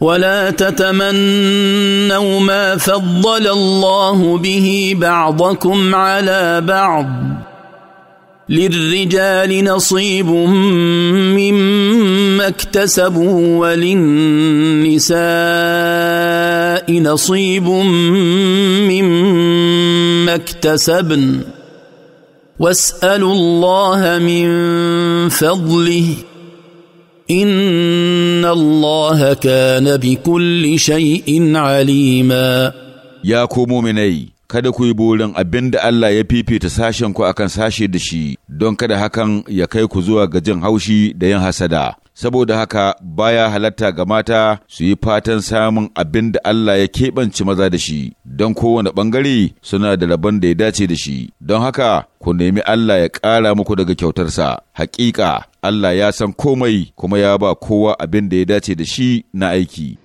ولا تتمنوا ما فضل الله به بعضكم على بعض للرجال نصيب مما اكتسبوا وللنساء نصيب مما اكتسبن واسالوا الله من فضله إن ان الله كان بكل شيء عليما يا minai, kada ku yi burin abin da Allah ya fifita sashen ku akan sashe da shi don kada hakan ya kai ku zuwa ga jin haushi da yin hasada saboda haka baya halatta ga mata su yi fatan samun abin da Allah ya keɓance maza da shi, don kowane ɓangare suna da rabon da ya dace da shi, don haka ku nemi Allah ya ƙara muku daga kyautarsa, Haƙiƙa Allah ya san komai kuma ya ba kowa abin da ya dace da shi na aiki.